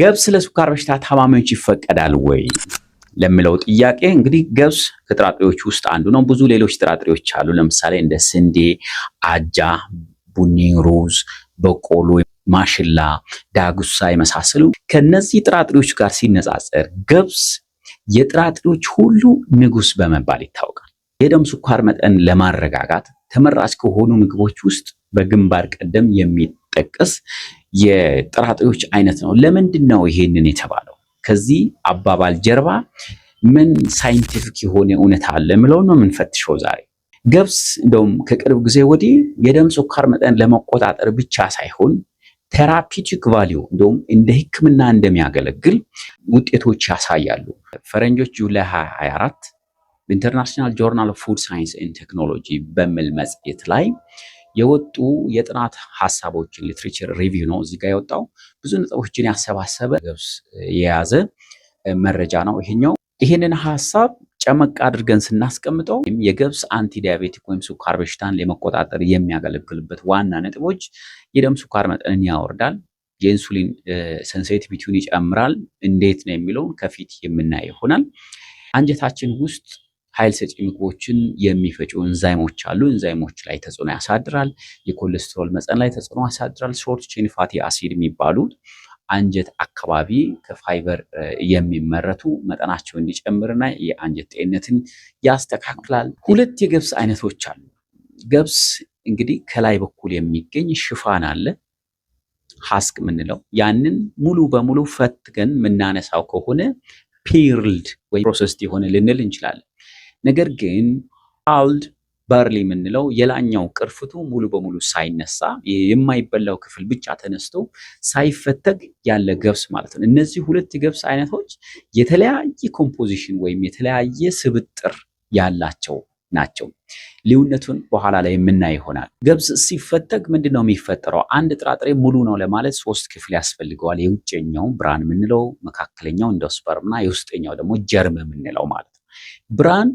ገብስ ለስኳር በሽታ ታማሚዎች ይፈቀዳል ወይ ለሚለው ጥያቄ እንግዲህ ገብስ ከጥራጥሬዎች ውስጥ አንዱ ነው። ብዙ ሌሎች ጥራጥሬዎች አሉ። ለምሳሌ እንደ ስንዴ፣ አጃ፣ ቡኒ ሩዝ፣ በቆሎ፣ ማሽላ፣ ዳጉሳ የመሳሰሉ ከነዚህ ጥራጥሬዎች ጋር ሲነጻጸር ገብስ የጥራጥሬዎች ሁሉ ንጉስ በመባል ይታወቃል። የደም ስኳር መጠን ለማረጋጋት ተመራጭ ከሆኑ ምግቦች ውስጥ በግንባር ቀደም የሚ የሚጠቀስ የጥራጥሬዎች አይነት ነው። ለምንድን ነው ይሄንን የተባለው? ከዚህ አባባል ጀርባ ምን ሳይንቲፊክ የሆነ እውነት አለ ምለው ነው የምንፈትሸው ዛሬ። ገብስ እንደውም ከቅርብ ጊዜ ወዲህ የደም ስኳር መጠን ለመቆጣጠር ብቻ ሳይሆን ቴራፒቲክ ቫሊዩ እንደውም እንደ ሕክምና እንደሚያገለግል ውጤቶች ያሳያሉ። ፈረንጆች ጁላይ 24 ኢንተርናሽናል ጆርናል ፉድ ሳይንስ ኤንድ ቴክኖሎጂ በሚል መጽሔት ላይ የወጡ የጥናት ሀሳቦችን ሊትሬቸር ሪቪው ነው እዚህ ጋር የወጣው ብዙ ነጥቦችን ያሰባሰበ ገብስ የያዘ መረጃ ነው ይሄኛው። ይህንን ሀሳብ ጨመቅ አድርገን ስናስቀምጠው የገብስ አንቲዲያቤቲክ ወይም ሱካር በሽታን ለመቆጣጠር የሚያገለግልበት ዋና ነጥቦች የደም ሱካር መጠንን ያወርዳል፣ የኢንሱሊን ሴንሴቲቪቲውን ይጨምራል። እንዴት ነው የሚለውን ከፊት የምናየው ይሆናል። አንጀታችን ውስጥ ኃይል ሰጪ ምግቦችን የሚፈጩ እንዛይሞች አሉ። ኢንዛይሞች ላይ ተጽዕኖ ያሳድራል። የኮሌስትሮል መጠን ላይ ተጽዕኖ ያሳድራል። ሾርት ቼን ፋቲ አሲድ የሚባሉት አንጀት አካባቢ ከፋይበር የሚመረቱ መጠናቸው እንዲጨምርና የአንጀት ጤንነትን ያስተካክላል። ሁለት የገብስ አይነቶች አሉ። ገብስ እንግዲህ ከላይ በኩል የሚገኝ ሽፋን አለ ሀስክ የምንለው ያንን ሙሉ በሙሉ ፈትገን የምናነሳው ከሆነ ፒርልድ ወይ ፕሮሰስድ የሆነ ልንል እንችላለን። ነገር ግን አልድ ባርሊ የምንለው የላኛው ቅርፍቱ ሙሉ በሙሉ ሳይነሳ የማይበላው ክፍል ብቻ ተነስቶ ሳይፈተግ ያለ ገብስ ማለት ነው። እነዚህ ሁለት የገብስ አይነቶች የተለያየ ኮምፖዚሽን ወይም የተለያየ ስብጥር ያላቸው ናቸው። ልዩነቱን በኋላ ላይ የምናይ ይሆናል። ገብስ ሲፈተግ ምንድን ነው የሚፈጠረው? አንድ ጥራጥሬ ሙሉ ነው ለማለት ሶስት ክፍል ያስፈልገዋል። የውጭኛው ብራን የምንለው፣ መካከለኛው ኢንዶስፐርም የውስጠኛው ደግሞ ጀርም የምንለው ማለት ነው። ብራን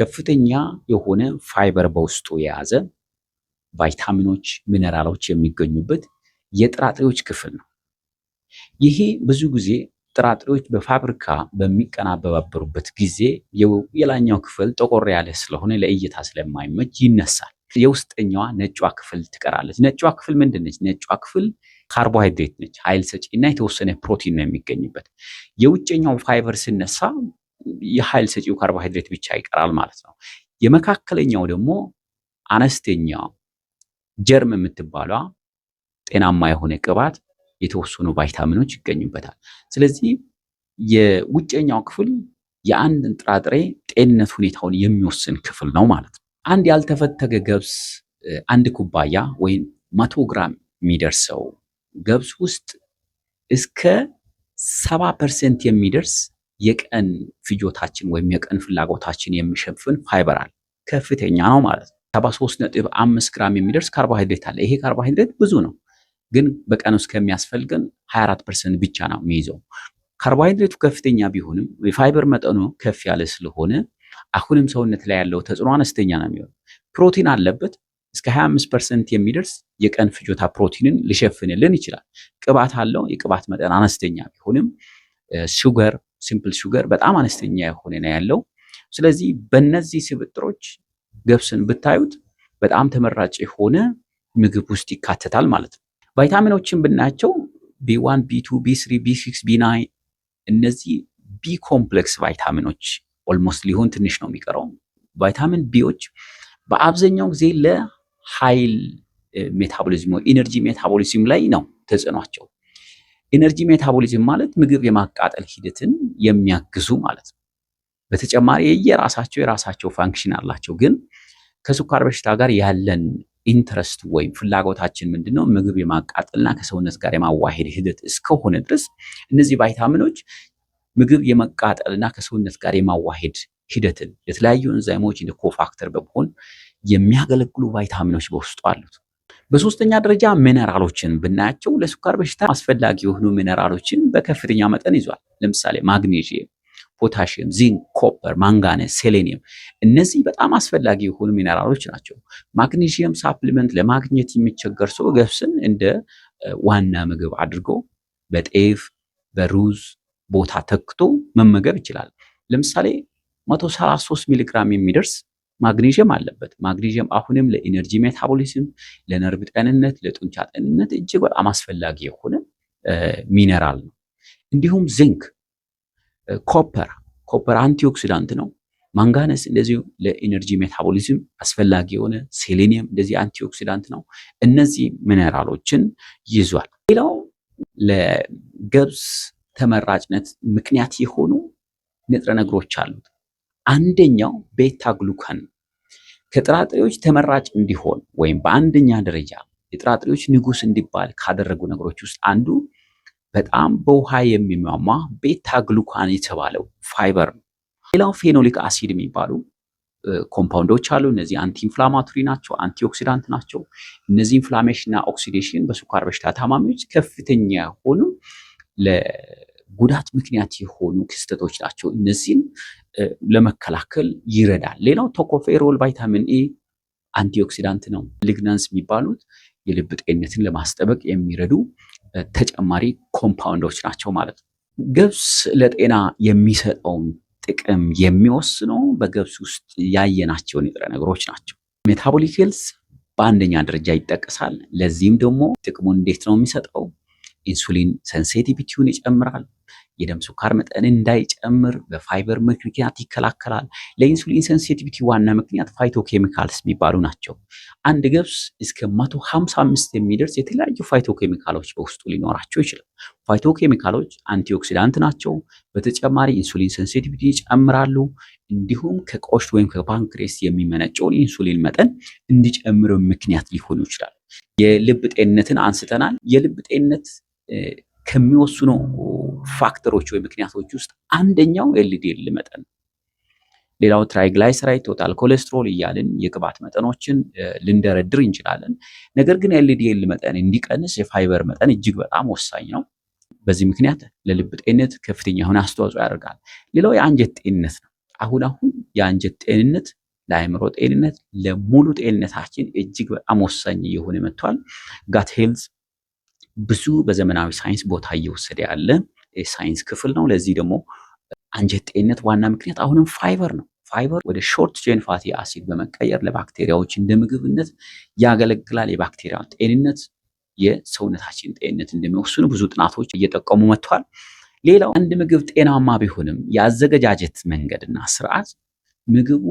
ከፍተኛ የሆነ ፋይበር በውስጡ የያዘ ቫይታሚኖች፣ ሚነራሎች የሚገኙበት የጥራጥሬዎች ክፍል ነው። ይሄ ብዙ ጊዜ ጥራጥሬዎች በፋብሪካ በሚቀናበባበሩበት ጊዜ የላኛው ክፍል ጠቆር ያለ ስለሆነ ለእይታ ስለማይመች ይነሳል። የውስጠኛዋ ነጯ ክፍል ትቀራለች። ነጯ ክፍል ምንድን ነች? ነጯ ክፍል ካርቦሃይድሬት ነች፣ ኃይል ሰጪ እና የተወሰነ ፕሮቲን ነው የሚገኝበት። የውጨኛው ፋይበር ሲነሳ የኃይል ሰጪው ካርቦሃይድሬት ብቻ ይቀራል ማለት ነው። የመካከለኛው ደግሞ አነስተኛ ጀርም የምትባሏ ጤናማ የሆነ ቅባት፣ የተወሰኑ ቫይታሚኖች ይገኙበታል። ስለዚህ የውጨኛው ክፍል የአንድን ጥራጥሬ ጤንነት ሁኔታውን የሚወስን ክፍል ነው ማለት ነው። አንድ ያልተፈተገ ገብስ አንድ ኩባያ ወይም መቶ ግራም የሚደርሰው ገብስ ውስጥ እስከ ሰባ ፐርሰንት የሚደርስ የቀን ፍጆታችን ወይም የቀን ፍላጎታችን የሚሸፍን ፋይበር አለ። ከፍተኛ ነው ማለት ነው። 73.5 ግራም የሚደርስ ካርቦሃይድሬት አለ። ይሄ ካርቦሃይድሬት ብዙ ነው፣ ግን በቀን ውስጥ ከሚያስፈልገን 24% ብቻ ነው የሚይዘው። ካርቦሃይድሬቱ ከፍተኛ ቢሆንም የፋይበር መጠኑ ከፍ ያለ ስለሆነ አሁንም ሰውነት ላይ ያለው ተጽዕኖ አነስተኛ ነው የሚሆነው። ፕሮቲን አለበት። እስከ 25% የሚደርስ የቀን ፍጆታ ፕሮቲንን ሊሸፍንልን ይችላል። ቅባት አለው። የቅባት መጠን አነስተኛ ቢሆንም ሹገር ሲምፕል ሹገር በጣም አነስተኛ የሆነ ነው ያለው። ስለዚህ በእነዚህ ስብጥሮች ገብስን ብታዩት በጣም ተመራጭ የሆነ ምግብ ውስጥ ይካተታል ማለት ነው። ቫይታሚኖችን ብናያቸው ቢ1፣ ቢ2፣ ቢ3፣ ቢ6፣ ቢ9 እነዚህ ቢ ኮምፕሌክስ ቫይታሚኖች ኦልሞስት ሊሆን ትንሽ ነው የሚቀረው። ቫይታሚን ቢዎች በአብዛኛው ጊዜ ለሃይል ሜታቦሊዝም ኢነርጂ ሜታቦሊዝም ላይ ነው ተጽዕኗቸው። ኢነርጂ ሜታቦሊዝም ማለት ምግብ የማቃጠል ሂደትን የሚያግዙ ማለት ነው። በተጨማሪ የየራሳቸው የራሳቸው ፋንክሽን አላቸው። ግን ከስኳር በሽታ ጋር ያለን ኢንትረስት ወይም ፍላጎታችን ምንድነው? ምግብ የማቃጠልና ከሰውነት ጋር የማዋሄድ ሂደት እስከሆነ ድረስ እነዚህ ቫይታሚኖች ምግብ የመቃጠልና ከሰውነት ጋር የማዋሄድ ሂደትን የተለያዩ ኤንዛይሞች እንደ ኮፋክተር በመሆን የሚያገለግሉ ቫይታሚኖች በውስጡ አሉት። በሶስተኛ ደረጃ ሚነራሎችን ብናያቸው ለስኳር በሽታ አስፈላጊ የሆኑ ሚነራሎችን በከፍተኛ መጠን ይዟል። ለምሳሌ ማግኔዥየም፣ ፖታሽየም፣ ዚንክ፣ ኮፐር፣ ማንጋነስ፣ ሴሌኒየም እነዚህ በጣም አስፈላጊ የሆኑ ሚነራሎች ናቸው። ማግኔዥየም ሳፕሊመንት ለማግኘት የሚቸገር ሰው ገብስን እንደ ዋና ምግብ አድርጎ በጤፍ በሩዝ ቦታ ተክቶ መመገብ ይችላል። ለምሳሌ 133 ሚሊግራም የሚደርስ ማግኔዥየም አለበት። ማግኔዥየም አሁንም ለኢነርጂ ሜታቦሊዝም፣ ለነርቭ ጤንነት፣ ለጡንቻ ጤንነት እጅግ በጣም አስፈላጊ የሆነ ሚነራል ነው። እንዲሁም ዝንክ፣ ኮፐር ኮፐር አንቲኦክሲዳንት ነው። ማንጋነስ እንደዚሁ ለኢነርጂ ሜታቦሊዝም አስፈላጊ የሆነ ሴሌኒየም እንደዚህ አንቲኦክሲዳንት ነው። እነዚህ ሚነራሎችን ይዟል። ሌላው ለገብስ ተመራጭነት ምክንያት የሆኑ ንጥረ ነገሮች አሉት። አንደኛው ቤታ ግሉካን ከጥራጥሬዎች ተመራጭ እንዲሆን ወይም በአንደኛ ደረጃ የጥራጥሬዎች ንጉስ እንዲባል ካደረጉ ነገሮች ውስጥ አንዱ በጣም በውሃ የሚሟሟ ቤታ ግሉካን የተባለው ፋይበር ነው። ሌላው ፌኖሊክ አሲድ የሚባሉ ኮምፓውንዶች አሉ። እነዚህ አንቲ ኢንፍላማቶሪ ናቸው፣ አንቲ ኦክሲዳንት ናቸው። እነዚህ ኢንፍላሜሽን እና ኦክሲዴሽን በስኳር በሽታ ታማሚዎች ከፍተኛ የሆኑ ጉዳት ምክንያት የሆኑ ክስተቶች ናቸው። እነዚህን ለመከላከል ይረዳል። ሌላው ቶኮፌሮል ቫይታሚን ኤ አንቲኦክሲዳንት ነው። ሊግናንስ የሚባሉት የልብ ጤንነትን ለማስጠበቅ የሚረዱ ተጨማሪ ኮምፓውንዶች ናቸው ማለት ነው። ገብስ ለጤና የሚሰጠውን ጥቅም የሚወስነው በገብስ ውስጥ ያየናቸው ንጥረ ነገሮች ናቸው። ሜታቦሊክ በአንደኛ ደረጃ ይጠቀሳል። ለዚህም ደግሞ ጥቅሙን እንዴት ነው የሚሰጠው? ኢንሱሊን ሴንሲቲቪቲውን ይጨምራል። የደም ስኳር መጠን እንዳይጨምር በፋይበር ምክንያት ይከላከላል። ለኢንሱሊን ሴንሲቲቪቲ ዋና ምክንያት ፋይቶ ኬሚካልስ የሚባሉ ናቸው። አንድ ገብስ እስከ 155 የሚደርስ የተለያዩ ፋይቶ ኬሚካሎች በውስጡ ሊኖራቸው ይችላል። ፋይቶ ኬሚካሎች አንቲኦክሲዳንት ናቸው። በተጨማሪ ኢንሱሊን ሴንሲቲቪቲ ይጨምራሉ። እንዲሁም ከቆሽት ወይም ከፓንክሬስ የሚመነጨውን ኢንሱሊን መጠን እንዲጨምር ምክንያት ሊሆኑ ይችላል። የልብ ጤንነትን አንስተናል። የልብ ጤንነት ከሚወስኑ ፋክተሮች ወይ ምክንያቶች ውስጥ አንደኛው ኤልዲኤል መጠን፣ ሌላው ትራይግላይሰራይድ፣ ቶታል ኮሌስትሮል እያልን የቅባት መጠኖችን ልንደረድር እንችላለን። ነገር ግን ኤልዲኤል መጠን እንዲቀንስ የፋይበር መጠን እጅግ በጣም ወሳኝ ነው። በዚህ ምክንያት ለልብ ጤንነት ከፍተኛ የሆነ አስተዋጽኦ ያደርጋል። ሌላው የአንጀት ጤንነት ነው። አሁን አሁን የአንጀት ጤንነት ለአእምሮ ጤንነት፣ ለሙሉ ጤንነታችን እጅግ በጣም ወሳኝ እየሆነ መጥቷል። ጋት ሄልዝ ብዙ በዘመናዊ ሳይንስ ቦታ እየወሰደ ያለ የሳይንስ ክፍል ነው። ለዚህ ደግሞ አንጀት ጤንነት ዋና ምክንያት አሁንም ፋይበር ነው። ፋይበር ወደ ሾርት ቼን ፋቲ አሲድ በመቀየር ለባክቴሪያዎች እንደ ምግብነት ያገለግላል። የባክቴሪያ ጤንነት የሰውነታችን ጤንነት እንደሚወስኑ ብዙ ጥናቶች እየጠቀሙ መጥቷል። ሌላው አንድ ምግብ ጤናማ ቢሆንም የአዘገጃጀት መንገድና ስርዓት ምግቡ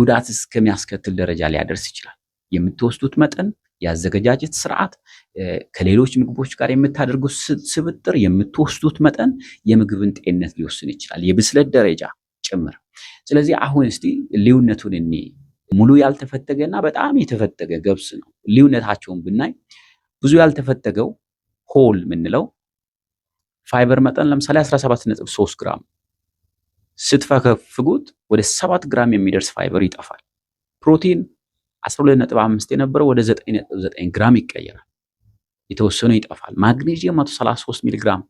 ጉዳት እስከሚያስከትል ደረጃ ሊያደርስ ይችላል። የምትወስዱት መጠን የአዘገጃጀት ስርዓት፣ ከሌሎች ምግቦች ጋር የምታደርጉት ስብጥር፣ የምትወስዱት መጠን የምግብን ጤንነት ሊወስን ይችላል፣ የብስለት ደረጃ ጭምር። ስለዚህ አሁን እስቲ ልዩነቱን እኔ ሙሉ ያልተፈተገና በጣም የተፈተገ ገብስ ነው። ልዩነታቸውን ብናይ ብዙ ያልተፈተገው ሆል የምንለው ፋይበር መጠን ለምሳሌ 17.3 ግራም ስትፈከፍጉት ወደ 7 ግራም የሚደርስ ፋይበር ይጠፋል። ፕሮቲን 12.5 የነበረው ወደ 9.9 ግራም ይቀየራል። የተወሰነ ይጠፋል። ማግኔዥየም 133 ሚሊ ግራም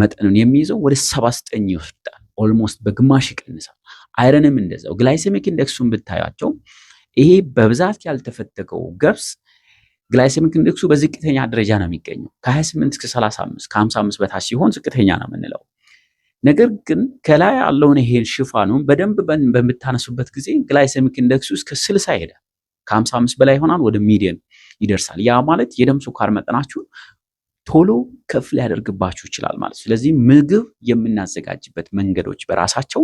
መጠኑን የሚይዘው ወደ 79 ይወስዳል። ኦልሞስት በግማሽ ይቀንሳል። አይረንም እንደዛው። ግላይሴሚክ ኢንደክሱን ብታያቸው ይሄ በብዛት ያልተፈተገው ገብስ ግላይሴሚክ ኢንደክሱ በዝቅተኛ ደረጃ ነው የሚገኘው። ከ28 እስከ 35 ከ55 በታች ሲሆን ዝቅተኛ ነው የምንለው። ነገር ግን ከላይ ያለውን ይሄን ሽፋኑን በደንብ በምታነሱበት ጊዜ ግላይሴሚክ ኢንደክሱ እስከ 60 ይሄዳል። ከ55 በላይ ይሆናል፣ ወደ ሚዲየም ይደርሳል። ያ ማለት የደም ስኳር መጠናችሁን ቶሎ ከፍ ሊያደርግባችሁ ይችላል ማለት። ስለዚህ ምግብ የምናዘጋጅበት መንገዶች በራሳቸው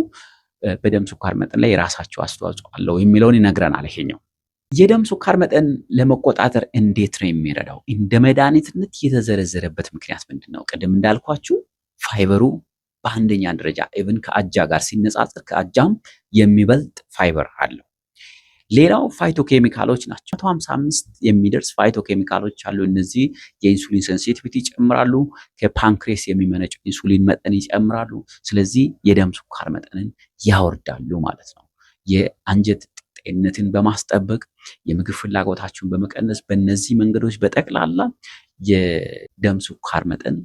በደም ስኳር መጠን ላይ የራሳቸው አስተዋጽኦ አለው የሚለውን ይነግረናል ይሄኛው። የደም ስኳር መጠን ለመቆጣጠር እንዴት ነው የሚረዳው? እንደ መድኃኒትነት የተዘረዘረበት ምክንያት ምንድን ነው? ቅድም እንዳልኳችሁ ፋይበሩ በአንደኛ ደረጃ ኢቭን ከአጃ ጋር ሲነጻጸር ከአጃም የሚበልጥ ፋይበር አለው። ሌላው ፋይቶ ኬሚካሎች ናቸው። 155 የሚደርስ ፋይቶ ኬሚካሎች አሉ። እነዚህ የኢንሱሊን ሴንሲቲቪቲ ይጨምራሉ፣ ከፓንክሬስ የሚመነጭ ኢንሱሊን መጠን ይጨምራሉ። ስለዚህ የደም ስኳር መጠንን ያወርዳሉ ማለት ነው። የአንጀት ጤንነትን በማስጠበቅ የምግብ ፍላጎታችሁን በመቀነስ በእነዚህ መንገዶች በጠቅላላ የደም ስኳር መጠን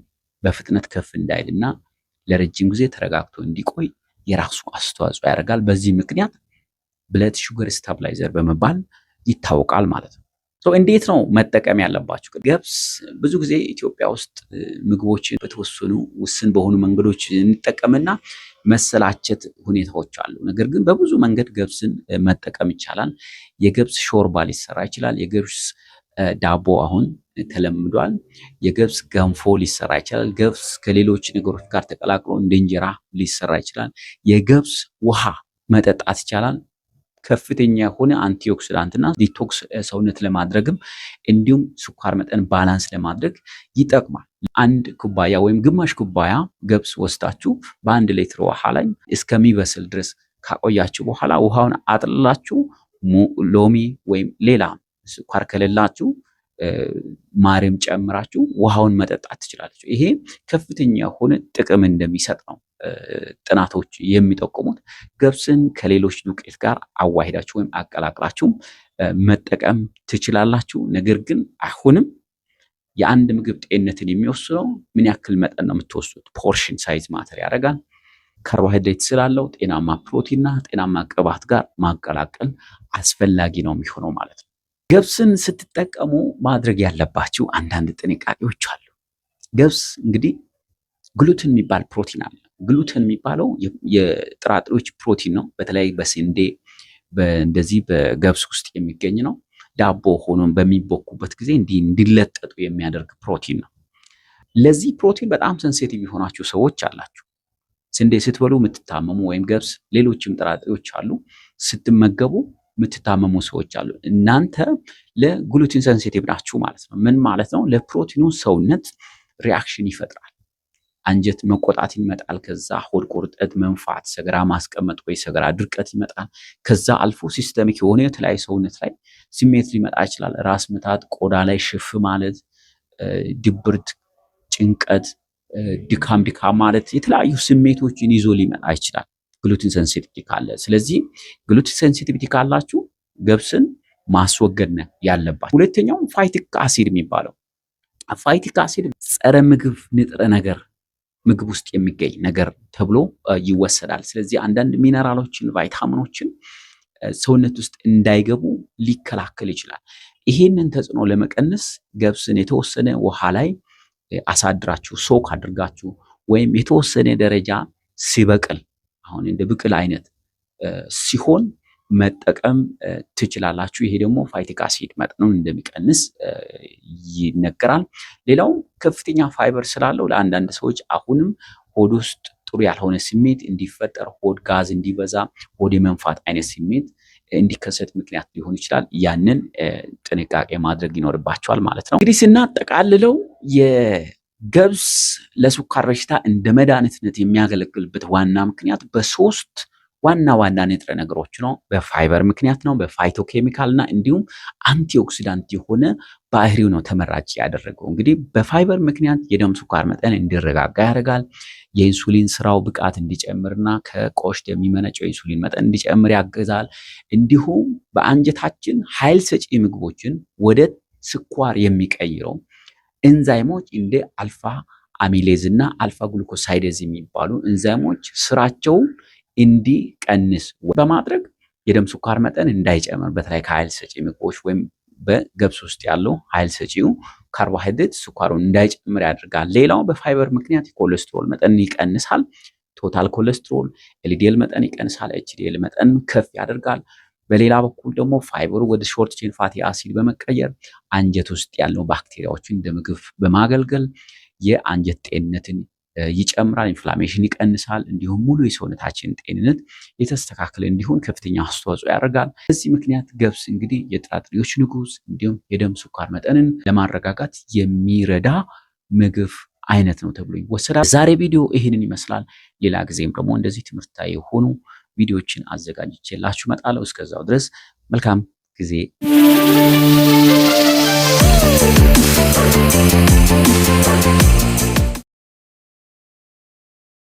በፍጥነት ከፍ እንዳይልና ለረጅም ጊዜ ተረጋግቶ እንዲቆይ የራሱ አስተዋጽኦ ያደርጋል። በዚህ ምክንያት ብለድ ሹገር ስታብላይዘር በመባል ይታወቃል ማለት ነው። እንዴት ነው መጠቀም ያለባችሁ? ገብስ ብዙ ጊዜ ኢትዮጵያ ውስጥ ምግቦችን በተወሰኑ ውስን በሆኑ መንገዶች እንጠቀምና መሰላቸት ሁኔታዎች አሉ። ነገር ግን በብዙ መንገድ ገብስን መጠቀም ይቻላል። የገብስ ሾርባ ሊሰራ ይችላል። የገብስ ዳቦ አሁን ተለምዷል። የገብስ ገንፎ ሊሰራ ይችላል። ገብስ ከሌሎች ነገሮች ጋር ተቀላቅሎ እንደ እንጀራ ሊሰራ ይችላል። የገብስ ውሃ መጠጣት ይቻላል። ከፍተኛ የሆነ አንቲኦክሲዳንትና ዲቶክስ ሰውነት ለማድረግም እንዲሁም ስኳር መጠን ባላንስ ለማድረግ ይጠቅማል። አንድ ኩባያ ወይም ግማሽ ኩባያ ገብስ ወስዳችሁ በአንድ ሌትር ውሃ ላይ እስከሚበስል ድረስ ካቆያችሁ በኋላ ውሃውን አጥልላችሁ ሎሚ ወይም ሌላ ስኳር ከሌላችሁ ማርም ጨምራችሁ ውሃውን መጠጣት ትችላለች። ይሄ ከፍተኛ የሆነ ጥቅም እንደሚሰጥ ነው ጥናቶች የሚጠቁሙት ገብስን ከሌሎች ዱቄት ጋር አዋሂዳችሁ ወይም አቀላቅላችሁ መጠቀም ትችላላችሁ። ነገር ግን አሁንም የአንድ ምግብ ጤንነትን የሚወስነው ምን ያክል መጠን ነው የምትወስዱት። ፖርሽን ሳይዝ ማተር ያደርጋል። ካርቦሃይድሬት ስላለው ጤናማ ፕሮቲንና ጤናማ ቅባት ጋር ማቀላቀል አስፈላጊ ነው የሚሆነው ማለት ነው። ገብስን ስትጠቀሙ ማድረግ ያለባችሁ አንዳንድ ጥንቃቄዎች አሉ። ገብስ እንግዲህ ግሉትን የሚባል ፕሮቲን አለ። ግሉተን የሚባለው የጥራጥሬዎች ፕሮቲን ነው። በተለይ በስንዴ እንደዚህ በገብስ ውስጥ የሚገኝ ነው። ዳቦ ሆኖ በሚቦኩበት ጊዜ እንዲህ እንዲለጠጡ የሚያደርግ ፕሮቲን ነው። ለዚህ ፕሮቲን በጣም ሰንሴቲቭ የሆናችሁ ሰዎች አላችሁ። ስንዴ ስትበሉ የምትታመሙ ወይም ገብስ፣ ሌሎችም ጥራጥሬዎች አሉ ስትመገቡ የምትታመሙ ሰዎች አሉ። እናንተ ለግሉቲን ሰንሴቲቭ ናችሁ ማለት ነው። ምን ማለት ነው? ለፕሮቲኑ ሰውነት ሪያክሽን ይፈጥራል። አንጀት መቆጣት ይመጣል። ከዛ ሆድ ቁርጠት፣ መንፋት፣ ሰገራ ማስቀመጥ ወይ ሰገራ ድርቀት ይመጣል። ከዛ አልፎ ሲስተሚክ የሆነ የተለያዩ ሰውነት ላይ ስሜት ሊመጣ ይችላል። ራስ ምታት፣ ቆዳ ላይ ሽፍ ማለት፣ ድብርት፣ ጭንቀት፣ ድካም ድካም ማለት የተለያዩ ስሜቶችን ይዞ ሊመጣ ይችላል። ግሉቲን ሴንሲቲቪቲ ካለ። ስለዚህ ግሉቲን ሴንሲቲቪቲ ካላችሁ ገብስን ማስወገድ ነው ያለባችሁ። ሁለተኛው ፋይቲክ አሲድ የሚባለው ፋይቲክ አሲድ ጸረ ምግብ ንጥረ ነገር ምግብ ውስጥ የሚገኝ ነገር ተብሎ ይወሰዳል። ስለዚህ አንዳንድ ሚነራሎችን፣ ቫይታሚኖችን ሰውነት ውስጥ እንዳይገቡ ሊከላከል ይችላል። ይሄንን ተጽዕኖ ለመቀነስ ገብስን የተወሰነ ውሃ ላይ አሳድራችሁ ሶክ አድርጋችሁ ወይም የተወሰነ ደረጃ ሲበቅል አሁን እንደ ብቅል አይነት ሲሆን መጠቀም ትችላላችሁ። ይሄ ደግሞ ፋይቲክ አሲድ መጠኑን እንደሚቀንስ ይነገራል። ሌላው ከፍተኛ ፋይበር ስላለው ለአንዳንድ ሰዎች አሁንም ሆድ ውስጥ ጥሩ ያልሆነ ስሜት እንዲፈጠር፣ ሆድ ጋዝ እንዲበዛ፣ ሆድ የመንፋት አይነት ስሜት እንዲከሰት ምክንያት ሊሆን ይችላል። ያንን ጥንቃቄ ማድረግ ይኖርባቸዋል ማለት ነው። እንግዲህ ስናጠቃልለው የገብስ ለስኳር በሽታ እንደ መድኃኒትነት የሚያገለግልበት ዋና ምክንያት በሶስት ዋና ዋና ንጥረ ነገሮች ነው። በፋይበር ምክንያት ነው። በፋይቶኬሚካል እና እንዲሁም አንቲኦክሲዳንት የሆነ ባህሪው ነው ተመራጭ ያደረገው። እንግዲህ በፋይበር ምክንያት የደም ስኳር መጠን እንዲረጋጋ ያደርጋል። የኢንሱሊን ስራው ብቃት እንዲጨምርና ከቆሽት የሚመነጨው ኢንሱሊን መጠን እንዲጨምር ያገዛል እንዲሁም በአንጀታችን ኃይል ሰጪ ምግቦችን ወደ ስኳር የሚቀይረው እንዛይሞች እንደ አልፋ አሚሌዝ እና አልፋ ግሉኮሳይደዝ የሚባሉ እንዛይሞች ስራቸውን እንዲቀንስ በማድረግ የደም ስኳር መጠን እንዳይጨምር በተለይ ከኃይል ሰጪ ምግቦች ወይም በገብስ ውስጥ ያለው ኃይል ሰጪው ካርቦሃይድሬት ስኳሩን እንዳይጨምር ያደርጋል። ሌላው በፋይበር ምክንያት የኮሌስትሮል መጠን ይቀንሳል። ቶታል ኮሌስትሮል ኤልዲኤል መጠን ይቀንሳል። ኤችዲኤል መጠን ከፍ ያደርጋል። በሌላ በኩል ደግሞ ፋይበሩ ወደ ሾርት ቼን ፋቲ አሲድ በመቀየር አንጀት ውስጥ ያለው ባክቴሪያዎችን እንደ ምግብ በማገልገል የአንጀት ጤንነትን ይጨምራል፣ ኢንፍላሜሽን ይቀንሳል፣ እንዲሁም ሙሉ የሰውነታችን ጤንነት የተስተካከለ እንዲሆን ከፍተኛ አስተዋጽኦ ያደርጋል። በዚህ ምክንያት ገብስ እንግዲህ የጥራጥሬዎች ንጉስ እንዲሁም የደም ስኳር መጠንን ለማረጋጋት የሚረዳ ምግብ አይነት ነው ተብሎ ይወሰዳል። ዛሬ ቪዲዮ ይህንን ይመስላል። ሌላ ጊዜም ደግሞ እንደዚህ ትምህርታዊ የሆኑ ቪዲዮዎችን አዘጋጅቼላችሁ እመጣለሁ። እስከዛው ድረስ መልካም ጊዜ